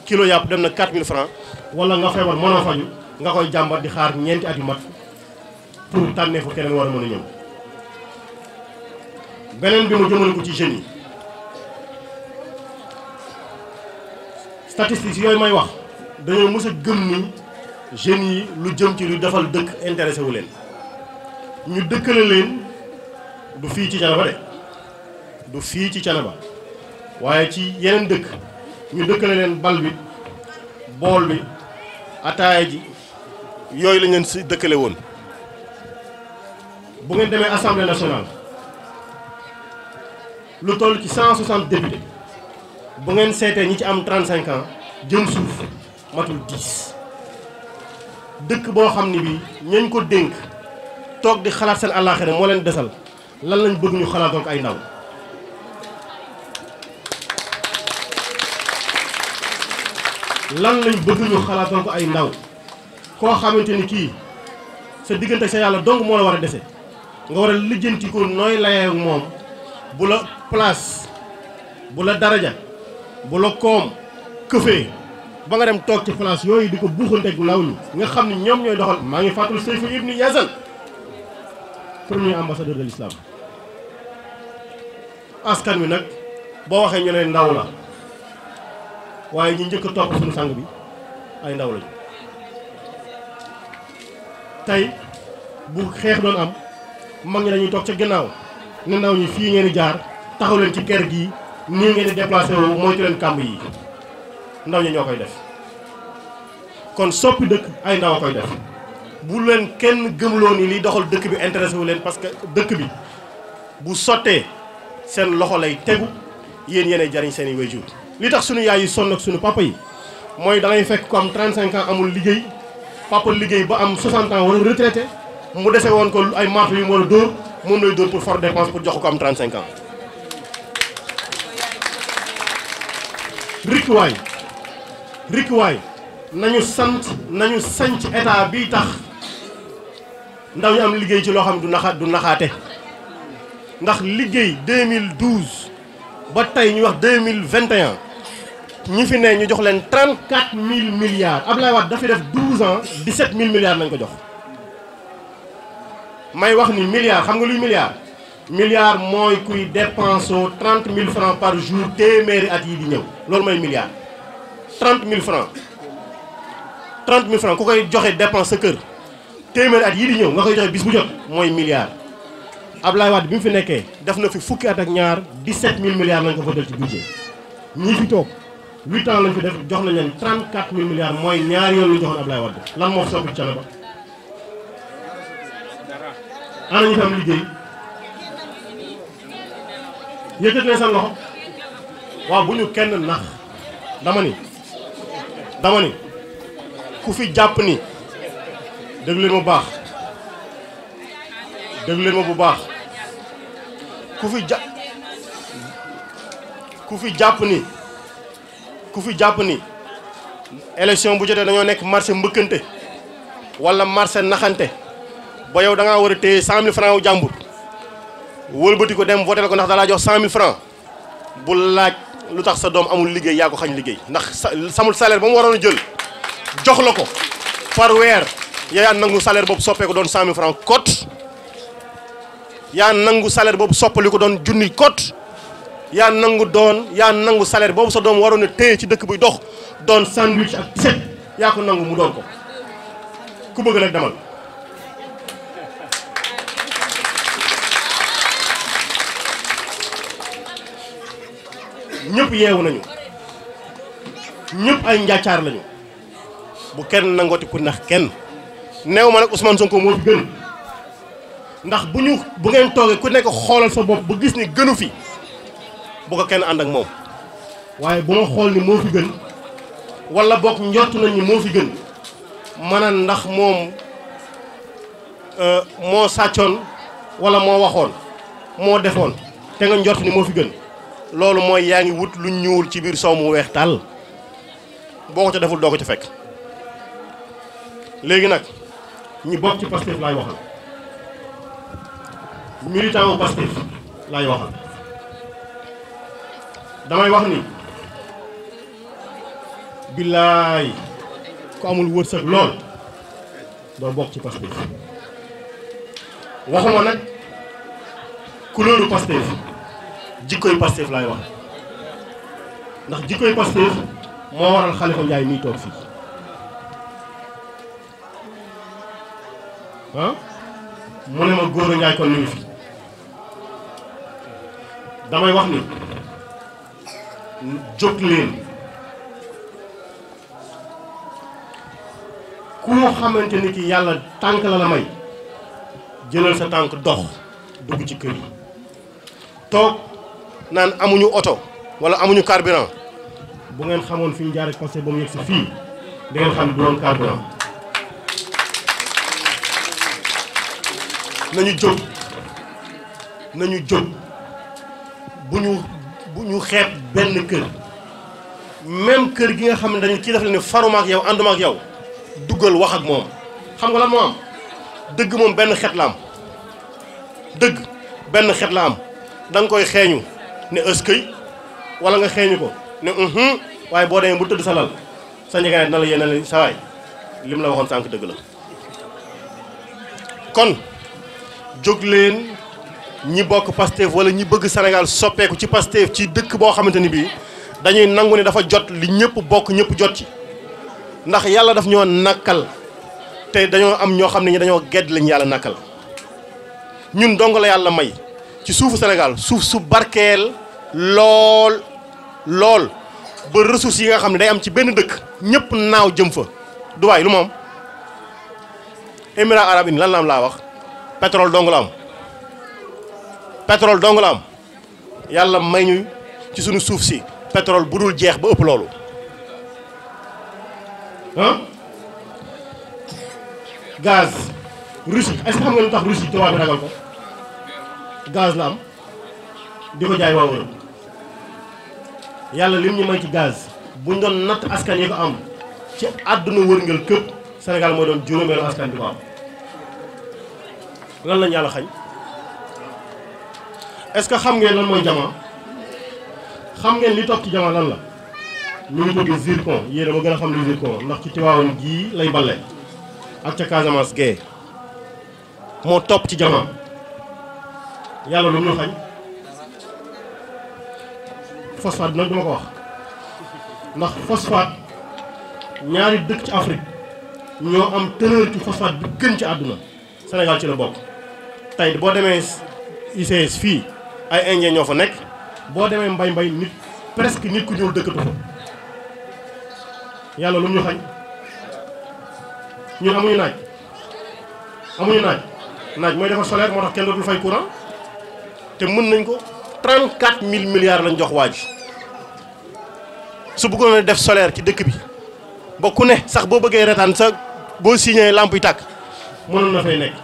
kilo yàpp dem na 4000 francs wala nga feebar mënoo faju nga koy jàmbar di xaar ñeenti at yu mat pour tànnee fu keneen war a mën ñëw beneen bi mu jëmale ko ci jeunes yi statistiques yooyu may wax dañoo mës a gëm ni jeunes yi lu jëm ci lu defal dëkk intéressé wu leen ñu dëkkale leen du fii ci Thiénaba de du fii ci Thiénaba waaye ci yeneen dëkk ñu dëkkale leen bal bi bool bi ataaya ji yooyu lañ leen si dëkkale woon bu ngeen demee assemblée nationale lu toll ci 160 députés bu ngeen seetee ñi ci am 35 ans jëm suuf matul 10 dëkk boo xam ni bi ñañ ko dénk toog di xalaat seen àllaaxira moo leen desal lan lañ bëgguñu xalaatoo ko ay ndaw. lan lañ bëgg ñu ko ay ndaw. koo xamante ni kii sa diggante sa yàlla dong moo la war a dese nga war a lijjanti ko nooy layee moom bu la place bu la daraja bu la koom këfee ba nga dem toog ci place yooyu di ko buuxanteeg law ñi nga xam ne ñoom ñooy doxal maa ngi fàttali Seyfu Ibnu Yazan premier ambassadeur de l'islam askan wi nag boo waxee ñu ne ndaw la waaye ñu njëkk a topp suñu sang bi ay ndaw lañu tey bu xeex doon am mag ñi dañuy toog ca ginnaaw ne ndaw ñi fii ngeen di jaar taxaw leen ci ker gi nii ngeen di déplacé wu moytu leen kàmb yi ndaw ñi ñoo koy def kon soppi dëkk ay ndaw a koy def bu leen kenn gëmuloon ni liy doxal dëkk bi intéressé wu leen parce que dëkk bi bu sottee seen loxo lay tegu yéen yéenay jariñ seen i waajur li tax sunu yaay yi sonn ak sunu papa yi mooy da ngay fekk ko am 35 ans amul liggéey papa liggéey ba am 60 ans wala retraité mu dese woon ko ay marto yu moo war a dóor moom lay dóor pour forte dépense pour jox ko am 35 ans. rikkuwaay rikkuwaay nañu sant nañu sanc état bi tax ndaw ñu am liggéey ci loo xam du naxa du naxaate ndax liggéey 2012 ba tey ñuy wax 2021. ñu fi ne ñu jox leen trente quatre mille milliards Ablaye Wade dafa def douze ans dix sept mille milliards nañ ko jox may wax ni milliards xam nga luy milliards milliards mooy kuy dépense oo trente mille francs par jour téeméeri at yi di ñëw loolu mooy milliards trent mille francs trente ku koy joxe dépense sa kër téeméeri at yii di ñëw nga koy joxe bis bu jot mooy milliards Ablaye Wade bi mu fi nekkee def na fi fukki at ak ñaar dix sept mille milliards nañ ko fa del ci ñii fi toog huit ans lañ fi def jox nañ leen trente quatre mille milliards mooy ñaari yoon ñu joxoon Ablaye Wade lan moo soppi cana ba ana ñu fi liggéey yëkkati ne seen loxo waaw bu ñu kenn nax dama ni dama ni ku fi jàpp ni déglu leen ma bu baax déglu ma bu baax ku fi ja ku fi jàpp ni ku fi jàpp ni élection bu jotee dañoo nekk marché mbëkkante wala marché naxante ba yow da ngaa war a téye cent mille franc jàmbur wëlbati ko dem voté ko ndax dalaa jox cent mille franc bu laaj lu tax sa doom amul liggéey yaa ko xañ liggéey ndax samul salaire ba mu waroon a jël jox la ko par weer yaa nangu salaire boobu soppee ko doon cent mille franc kot yaa nangu salaire boobu soppali ko doon junni kot yaa nangu doon yaa nangu salaire boobu sa doom waroon na téye ci dëkk buy dox doon sandwich ak set yaa ko nangu mu doon ko ku bëgg nag demal ñépp yeewu nañu ñëpp ay njaacaar lañu bu kenn nangooti ku nax kenn neew ma nag Ousmane Sonko moo fi ndax bu ñu bu ngeen toogee ku nekk xoolal sa bopp bu gis ni gënu fi bu ko kenn ànd ak moom. waaye bu ma xool ni moo fi gën wala boog njort nañ ni moo fi gën mën a ndax moom euh, moo sàccoon wala moo waxoon moo defoon te nga njort ni moo fi gën loolu mooy yaa ngi wut lu ñuul ci biir sow mu weex tàll boo ko ca deful doo ko ca fekk léegi nag ñi bokk ci Pastef laay waxal militant wu Pastef laay damay wax ni billaay ku amul wërsëg lool doo bokk ci fi waxuma nag couleuru Pastef jikkoy Pastef laay wax ndax jikkoy Pastef moo waral Khalifa Ndiaye miy toog fii ah mu ne ma góor a Ndiaye kon mi fi damay wax ni jóg leen koo xamante ni ki yàlla tànk la la may jëlal sa tànk dox dugg ci kër yi toog naan amuñu oto wala amuñu carburant bu ngeen xamoon fi ñu jaare ba mu yegg si fii da ngeen xam du woon carburant nañu jóg nañu jóg bu ñu bu ñu xeeb benn kër même kër gi nga xam ne dañu ci def la ne faruma ak yow ànduma ak yow duggal wax ak moom xam nga lan moo am dëgg moom benn xeet la am dëgg benn xeet la am da koy xeeñu ne ëskëy wala nga xeeñu ko ne uhum waaye boo demee bu tëdd sa lal sa njëgaane dina la yéene la sawaay li mu la waxoon sànq dëgg la kon jóg ñi bokk Pastef wala ñi bëgg Sénégal soppeeku ci Pastef ci dëkk boo xamante ni bii dañuy nangu ne dafa jot li ñëpp bokk ñëpp jot ci ndax yàlla daf ñoo nakkal te dañoo am ñoo xam ne ñi dañoo gedd lañu yàlla nakkal ñun dong la yàlla may ci suufu Sénégal suuf su barkeel lool lool ba ressources yi nga xam ne day am ci benn dëkk ñëpp naaw jëm fa waay lu moom am Émirats arabes lan la am laa wax pétrole dong la am pétrole dong la am yàlla may ñu ci suñu suuf si pétrole bu dul jeex ba ëpp loolu ah gaz Russie est-ce que xam nga lu tax Russie tubaab bi ragal ko gaz la am di ko jaay waa wër yàlla lim ñu may ci gaz buñ doon natt askan yi ko am ci àdduna wërngal këpp Sénégal mooy doon juróomeelu askan bi ko am lan lañ yàlla xañ est-ce que xam ngeen lan mooy jamaa xam li topp ci jamaa lan la ñu ngi jóge zircon yéen a ma gën a xam li zircon ndax ci Tiwaawan gii lay bale ak ca Casamance gee moo topp ci jamaa yàlla lu ñu xañ phosphate dina duma ko wax ndax phosphate ñaari dëkk ci Afrique ñoo am teneur ci phosphate bi gën ci àdduna Sénégal ci la bokk tey boo demee ICS fii ay indien ñoo fa nekk boo demee mbay mbay nit presque nit ku ñuul dëkkatu fa yàlla lu ñu xañ ñun amuñu naaj amuñu naaj naaj mooy defar solaire moo tax kenn dootul fay courant te mën nañ ko trent 34 mille milliards lañ jox waa ji su bëggoon a def solaire ci dëkk bi ba ku ne sax boo bëggee retaan sa boo signé lamp tàkk mënoon na fay nekk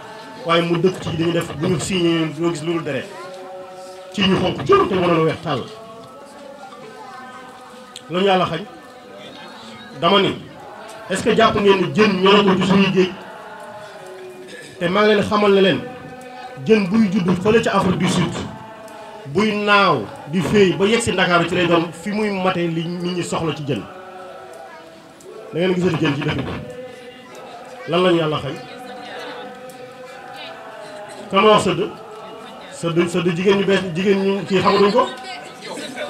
waaye mu dëkk ci dañu def bu ñu signé doo gis loolu deret ci ñu xonk jël te wala lu weex tàll lu yàlla xañ dama ni est-ce que jàpp ngeen ni jën ñoo ko ci suñuy géej te maa ngi xamal ne leen jën buy judd fële ca Afrique du Sud buy naaw di féey ba yegg si bi ci lay doon fi muy mate li nit ñi soxla ci jën da ngeen gisati jën ci dëkk lan lañu yàlla xañ kan wax sa du sa jigéen ñu bees jigéen ñu kii xamatuñ ko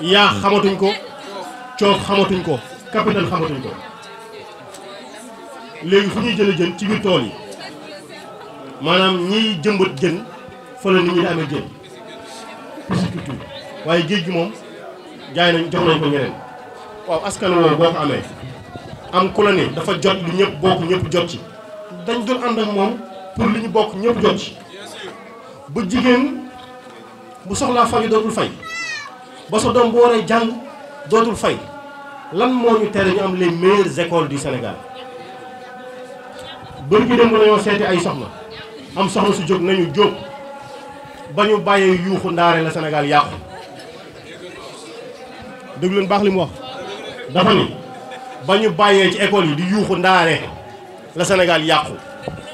yaa xamatuñ ko coof xamatuñ ko capital xamatuñ ko léegi fu ñuy jëlee jën ci biir tool yi maanaam ñiy jëmbat jën fa la nit ñi di amee jën waaye géej gi moom jaay nañu jox nañ ko ñeneen waaw askan woowu boo ko amee am ku la ne dafa jot lu ñëpp bokk ñëpp jot ci dañ dul ànd ak moom pour li ñu bokk ñépp jot ci bu jigéen bu soxlaa faju dootul fay ba sa doom bu waree jàng dootul fay lan moo ñu tere ñu am les meilleures écoles di Sénégal bër gi démb nañoo seeti ay soxna am soxla su jóg nañu jóg ba ñu bàyyee yuuxu ndaare la Sénégal yàqu déglu baax li mu wax dafa ni ba ñu bàyyee ci école yi di yuuxu ndaare la Sénégal yàqu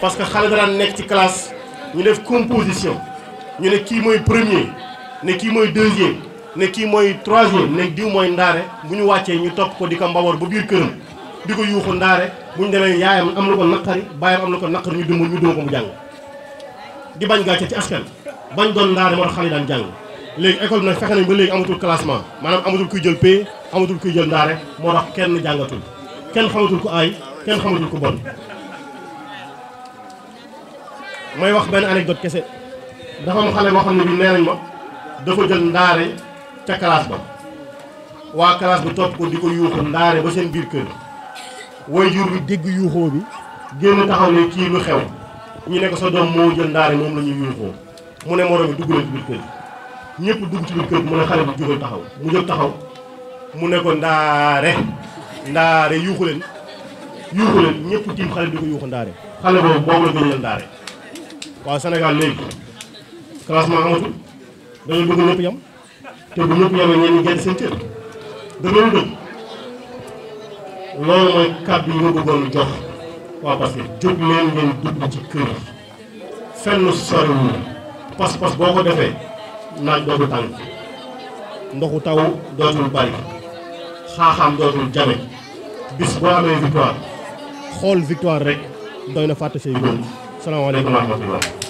parce que xale daan nekk ci classe ñu def composition ñu ne kii mooy premier ne kii mooy deuxième ne kii mooy troisième ne diw mooy ndaare bu ñu wàccee ñu topp ko di ko mbawar ba biir këram di ko yuuxu ndaare bu ñu demee yaayam am na ko naqari baayam am na ko naqari ñu duma ñu duma ko mu jàng di bañ gàcce ci askan bañ doon ndaare moo tax xale daan jàng léegi école bi nag fexe nañ ba léegi amatul classement maanaam amatul kuy jël pay amatul kuy jël ndaare moo tax kenn jàngatul kenn xamatul ko aay kenn xamatul ko bon wax benn anecdote kese dafa xale boo xam ne bi nee nañ ma dafa jël ndaare ca classe ba waa kalaas bi topp ko di ko yuuxu ndaare ba seen biir kër way jur bi digg yuuxoo bi génn taxaw ne kii lu xew ñu nekk ko sa moo jël ndaare moom la ñuy yuuxoo mu ne moroom dugg leen ci biir kër ñëpp dugg ci biir kër mu ne xale bi jógal taxaw mu jóg taxaw mu ne ko ndaare ndaare yuuxu leen yuuxu leen ñëpp tiim xale bi di ko yuuxu ndaare xale boobu boobu la gën ndaare waaw Sénégal léegi classement amatul dañoo bëgg ñëpp yam te bu ñëpp yamee ñeen ñi gën seen cër dama lu loolu mooy kàddu yi bëggoon jox waa parce que jóg ngeen dugg ci kër yi fenn soriwul pas-pas boo ko defee naaj dootul tàng ndoxu taw dootul bari xaaxaam dootul jame bis boo amee victoire xool victoire rek doy na fàtte say góor salaamaaleykum wa rahmatulah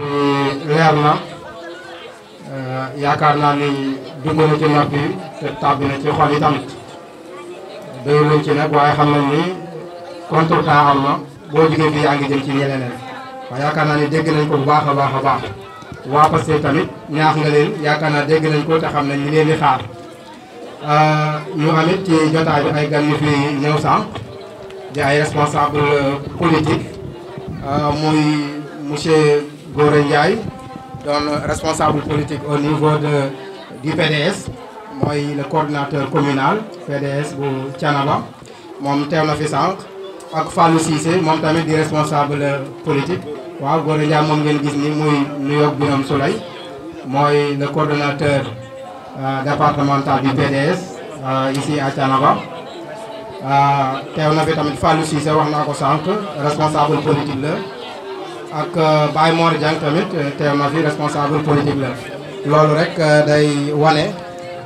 Eh, leer na eh, yaakaar naa ni dund na ci nopp yi te tàbbi na ci xol yi tamit doyu luñ ci nag waaye xam nañ ni contre temps boo jógee fii yaa ngi jëm ci ñeneen waaye yaakaar naa ni dégg nañ ko bu baax a baax a baax waa Pastef tamit ñaax nga leen yaakaar naa dégg nañ ko te xam nañ ni leen xaar eh, ñu amit ci jotaay bi ay gan yu fi ñëw sànq di ay responsable politique muy monsieur Gora Ndiaye doon responsable politique au niveau de du PDS mooy le coordinateur communal PDS bu Thiénaba moom teew na fi sànq ak Fallou Cissé moom tamit di responsable politique waaw Gora Ndiaye moom ngeen gis ni muy nuyoog Birame Souleye mooy le coordonnateur euh, départemental du PDS euh, ici à Thiénaba euh, teew na fi tamit Fallou Cissé wax naa ko sànq responsable politique la ak euh, Baye Mor Dieng tamit euh, teew na fi responsable politique la loolu rek euh, day wane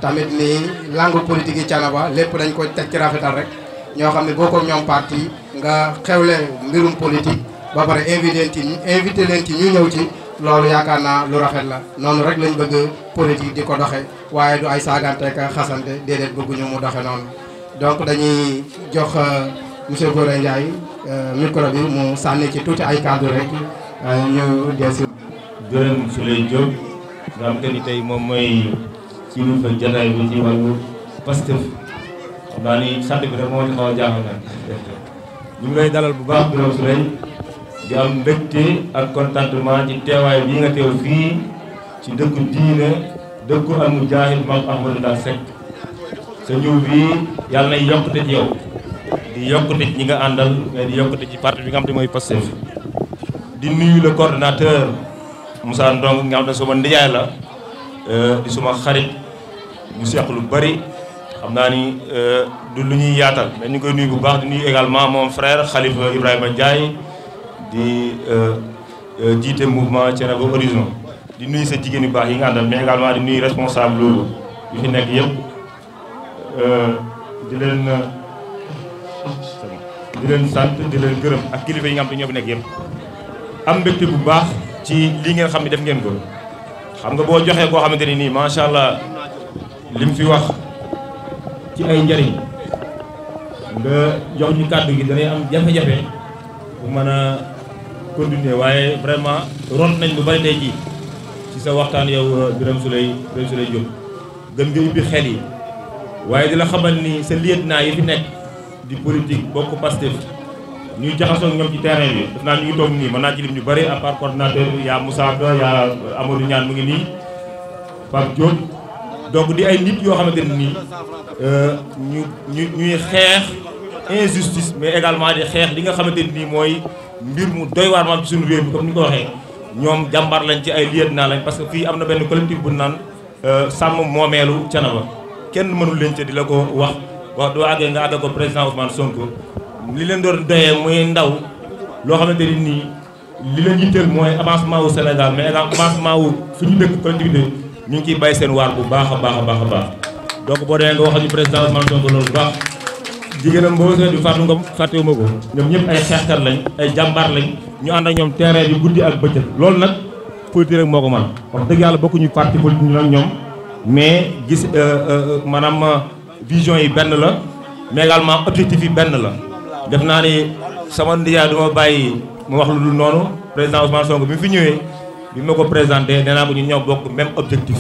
tamit ni langue politique yi Thiénaba lépp dañ ko teg ci rafetal rek ñoo xam ne boo ko ñoom parti nga xewle mbirum politique ba pare invité leen ci invité leen ci ñu ñëw ci loolu yaakaar naa lu rafet la noonu rek lañ bëgg politique di ko doxe waaye du ay saagante ka xasante déedéet bëgguñu mu doxe noonu donc dañuy jox monsieur Goré Ndiaye Euh, micro bi mu sànni ci tuuti ay kàddu rek euh, ñu dee si. gërëm su leen jóg nga xam te ni tey moom mooy ci lu fa jataay bi ci wàllu Pastef ni sant bi ngi lay dalal bu baax gërëm su leen di am mbégte ak contentement ci teewaay bi nga teew fii ci dëkku diine dëkku al mujaahid Maam Ahmadou Ndak Seck sa ñëw bii yàlla na yokkute ci yow di yokkute ñi nga àndal mais di yokkute ci parti bi nga xam te mooy Pastef di nuyu la coordonnateur Moussa Ndong nga xam ne suma ndijaay la euh, di suma xarit ñu seq lu bari xam naa ni euh, du lu ñuy yaatal mais ñu koy bu baax di nuyu également mon frère Khalifa Ibrahima Ndiaye di euh, jiite mouvement Thiénaba Horizon di nuyu sa jigéen yu baax yi nga àndal mais également di nuyu responsable loolu yu fi nekk yëpp di leen. di leen sant di leen gërëm ak kilifa yi nga xam ñoo fi nekk yëpp am mbégte bu baax ci lii ngeen xam ne def ngeen ko xam nga boo joxee koo xamante ne nii macha allah lim fi wax ci ay njariñ nga jox ñu kàddu gi danay am jafe-jafe bu mën a continuer waaye vraiment ront nañ bu bari tey jii ci sa waxtaan yow euh, Birame Souleye Birame Souleye Diop gën nga ubbi xel yi waaye di la xamal ni sa naa yi fi nekk di politique bokk Pastef ñuy jaxasoo ak ñoom ci terrain bi def naa ñu ngi toog nii mën naa ci ñu bari à part coordinateur yaa Moussa Ka yaa Amadou Niane mu ngi nii Pape Diop donc di ay nit yoo xamante ne nii euh, ñu ñu ñuy xeex injustice mais également di xeex li nga xamante ne nii mooy mbir mu doy waar maam ci suñu réew mi comme ni ñu ko waxee ñoom jàmbaar lañ ci ay naa lañ parce que fii am na benn collectif bu naan euh, sàmm moomeelu Thiénaba kenn mënul leen ca di la wax doo àggee nga àgg ko président Ousmane Sonko li leen doon doyee muy ndaw loo xamante ni nii li leen yitteel mooy avancement wu Sénégal mais avancement wu fi ñu dëkk collectivité ñu ngi ciy bay seen waar bu baax a baax baax a baax donc boo demee nga wax ñu président Ousmane Sonko loolu bu baax jigéenam boo seet bi Fatou Ngom fàttewuma ko ñoom ñëpp ay xeexkat lañ ay jàmbaar lañ ñu ànd ak ñoom terrain bi guddi ak bëccëg loolu nag politique rek moo ko man wax dëgg yàlla bokkuñu parti politique ñu mais gis euh, euh, euh, maanaam vision yi benn la mais également objectif yi benn la def naa ni sama ndiyaay du ma bàyyi mu wax lu dul noonu président Ousmane Sonko bi mu fi ñëwee bi ma ko présenté nee naa ko ñu ñëw bokk même objectif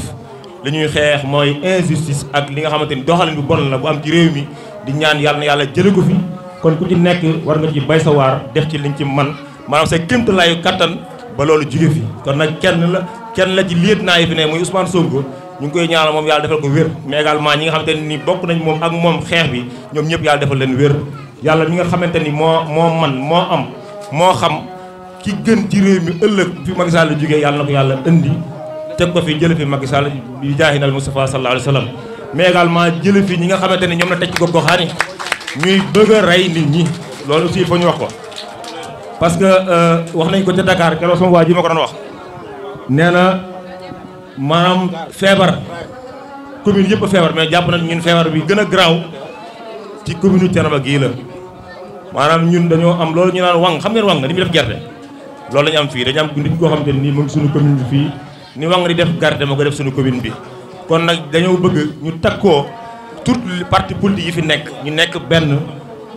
li ñuy xeex mooy injustice ak li nga xamante ni doxalin bu bon la bu am ci réew mi di ñaan yàlla yàlla jële ko fi kon ku ci nekk war nga ci bay sa waar def ci liñ ci man maanaam sa kéemtalaayu kattan ba loolu jóge fi kon nag kenn la kenn la ci liet naa yi ne muy Ousmane Sonko ñu ngi koy ñaanal moom yàlla defal ko wér mais également ñi nga xamante ni bokk nañ moom ak moom xeex bi ñoom ñëpp yàlla defal leen wér yàlla mi nga xamante ni moo moo man moo am moo xam ci gën ci réew mi ëllëg fi Macky Sall la jógee yàlla na ko yàlla indi teg ko fi jële fi Macky Sall bi jaahinal Moustapha sallallahu alayhi wa sallam mais également jële fi ñi nga xamante ni ñoom la teg ci gox goxaani ñuy bëgg a rey nit ñi loolu aussi fa ñu wax ko parce que euh, wax nañ ko ca dakaar keroog waa ji ma ko doon wax maanaam feebar commune yëpp a feebar mais jàpp nañ ñun feebar bi gën a garaaw ci commune Thiénaba gii la maanaam ñun dañoo am loolu ñu naan wang xam ngeen wang ni muy def gerte loolu lañu am fii dañu am nit koo xamante nii mu ngi suñu commune bi fii ni wang di def gerte moo ko def suñu commune bi kon nag dañoo bëgg ñu takkoo tout parti politique yi fi nekk ñu nekk benn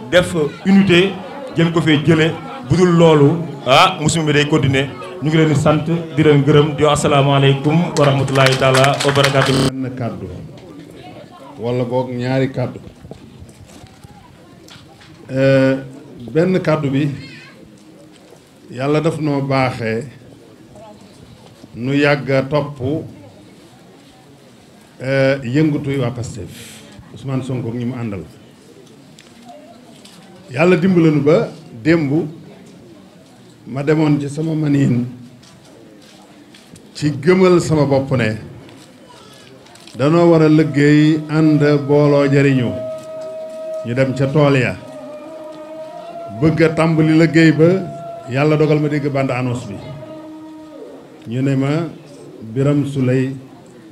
def unité jëm ko fee jële dul loolu ah musuma bi day continuer ñu ngi leen di sant di leen gërëm di asalaamaaleykum wa rahmatulahi taala wa barakaatu. benn kàddu wala ñaari kàddu euh, benn kàddu bi yàlla daf noo baaxee nu yàgg a topp euh, yëngatuy waa Pastef Ousmane Sonko ñi mu àndal yàlla dimbale nu ba démb. ma demoon ci sama maniin ci gëmal sama bopp ne danoo war a liggéey ànd booloo jariñu ñu dem ca tool ya bëgg a tàmbali liggéey ba yàlla dogal ma dégg bande annonce bi ñu ne ma Biram Souleye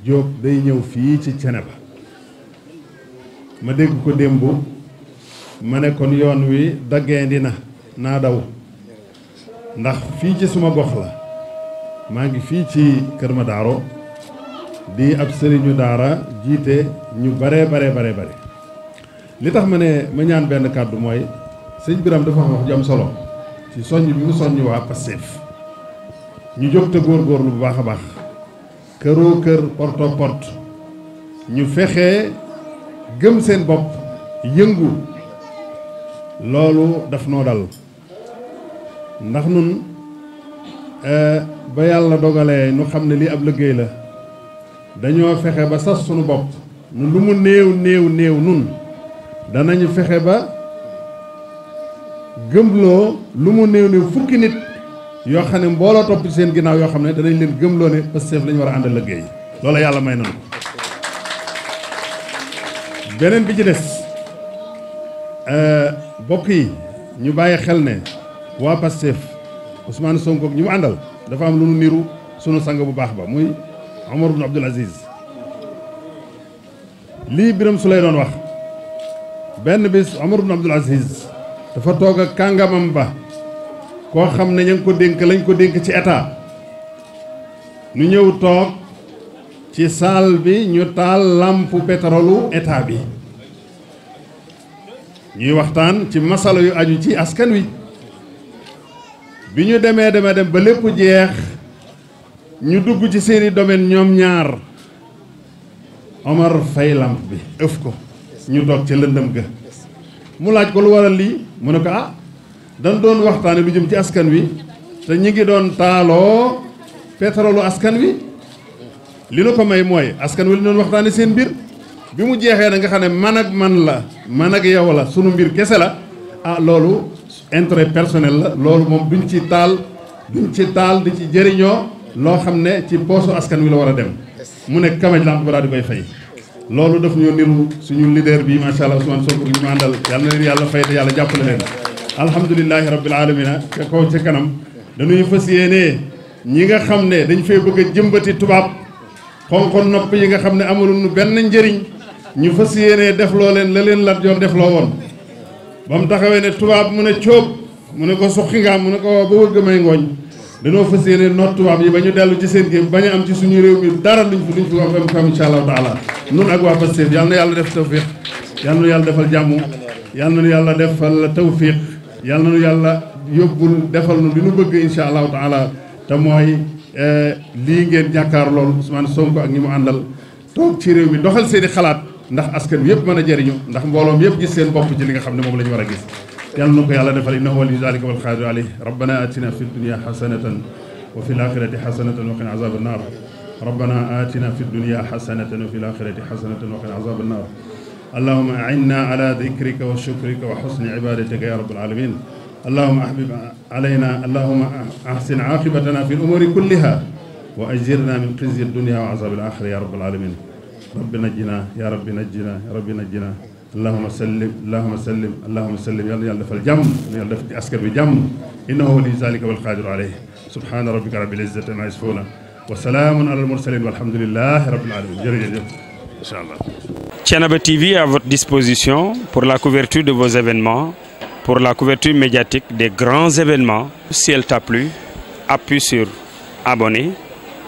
Diop day ñëw fii ci Thiénaba ma dégg ko démb ma ne kon yoon wi dagge di na naa daw ndax fii ci suma gox la maa ngi fii ci Kër ma Madaro di ab sëriñu daara jiite ñu bare bare bare bare li tax ma ne ma ñaan benn kàddu mooy sëñ Biram dafa wax ju am solo ci soññ bi mu soññ waa Pastef ñu jóg te góorgóorlu bu baax a baax këroo kër porte ñu fexe gëm seen bopp yëngu loolu daf noo dal ndax nun eh, ba yàlla dogalee nu xam ne lii ab liggéey la dañoo fexe ba sas sunu bopp nu lu mu néew néew néew nun danañu fexe ba gëmloo lu mu néew néew fukki nit yoo xam ne mbooloo topp ci seen ginnaaw yoo xam ne danañ leen gëmloo ne Pastef lañu war a ànd liggéey loola yàlla may nanu beneen bi ci des eh, bokk yi ñu bàyyi xel ne waa Pastef Ousmane Sonko ñu mu àndal dafa am lu nu niru sunu sang bu baax ba muy Omar bin Abdul Aziz lii Biram sulay doon wax benn bis Omar bin Abdul Aziz dafa toog ak kàngamam ba koo xam ne ña ko dénk lañ ko dénk ci état ñu ñëw toog ci saal bi ñu taal làmpu pétrolu état bi ñuy waxtaan ci masala yu aju ci askan wi bi ñu demee deme dem ba lépp jeex ñu dugg ci seeni domaine ñoom ñaar Omar fay lamp bi ëf ko ñu doog ca lëndëm ga mu laaj ko lu waral lii mu ne ko ah dañ doon waxtaane lu jëm ci askan wi te ñi ngi doon taaloo pétrolu askan wi li nu ko may mooy askan wi li doon waxtaane seen mbir bi mu jeexee na nga xam ne man ak man la man ak yow la sunu mbir kese la ah loolu intérêt personnel la loolu moom duñ ci taal duñ ci taal di ci jëriñoo loo xam ne ci poosu askan wi la war a dem mu ne kamaj lamp ba daal di koy fay loolu daf ñoo niru suñu leader bi macha allah Ousmane Sonko ñu ma àndal yàlla na leen yàlla fay te yàlla jàppale leen alhamdulilahi rabbil alamina ca kaw ca kanam dañuy fas yéenee ñi nga xam ne dañu fay bëgg a jëmbati tubaab xonqon nopp yi nga xam ne amulunu benn njëriñ ñu fas yéenee def loo leen la leen Lat Joor def woon ba mu taxawee ne tubaab mu ne cóob mu ne ko suqi nga mu ne ko waaw ba wëgg may ngooñ dañoo fas yéene noot tubaab yi ba ñu dellu ci seen géem bañ a am ci suñu réew mi dara luñ fi luñ fi wax ba mu xam incha allahu taala nun ak waa Pastef yàlla na yàlla def tawfiq yal na yàlla defal jàmm yal na yàlla defal tawfiq yal na yàlla yóbbul defal nu li nu bëgg incha allahu taala te mooy eh, lii ngeen jàkkaar lool Ousmane Sonko ak ñi mu àndal toog ci réew mi doxal seeni xalaat ndax askan wi yëpp mën a jëriñu ndax mbooloom yëpp gis seen bopp ci li nga xam ne moom la ñu war a gis yàlla na ko yàlla defal innahu waliyu zalika wal qadiru alayh rabbana atina fi dunya hasanatan wa fi laxirati hasanatan wa qina azaba annar rabbana atina fi dunya hasanatan wa fi laxirati hasanatan wa qina azaba annar اللهم أعنا على ذكرك وشكرك وحسن عبادتك يا رب العالمين اللهم أحبب علينا اللهم أحسن عاقبتنا في الأمور كلها وأجرنا من خزي الدنيا وعذاب الآخرة يا رب العالمين rabbi najjina yaa rabbi najjina yaa rabbi najjina allahuma sallim allahuma sallim allahuma sallim yàlla yàlla defal jàmm yàlla def ci askan bi jàmm innahu waliyu zalika wal qaadiru alayh subhaana rabbika rabbil izzati amma yasifuuna wa salaamun alal mursaliin walhamdulillahi rabbil alamin jërëjëf incha allah Thiénaba TV à votre disposition pour la couverture de vos événements pour la couverture médiatique des grands événements si elle t'a plu appuie sur abonner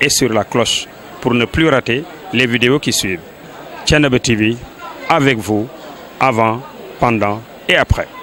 et sur la cloche pour ne plus rater les vidéos qui suivent. Tianaba TV, avec vous, avant, pendant et après.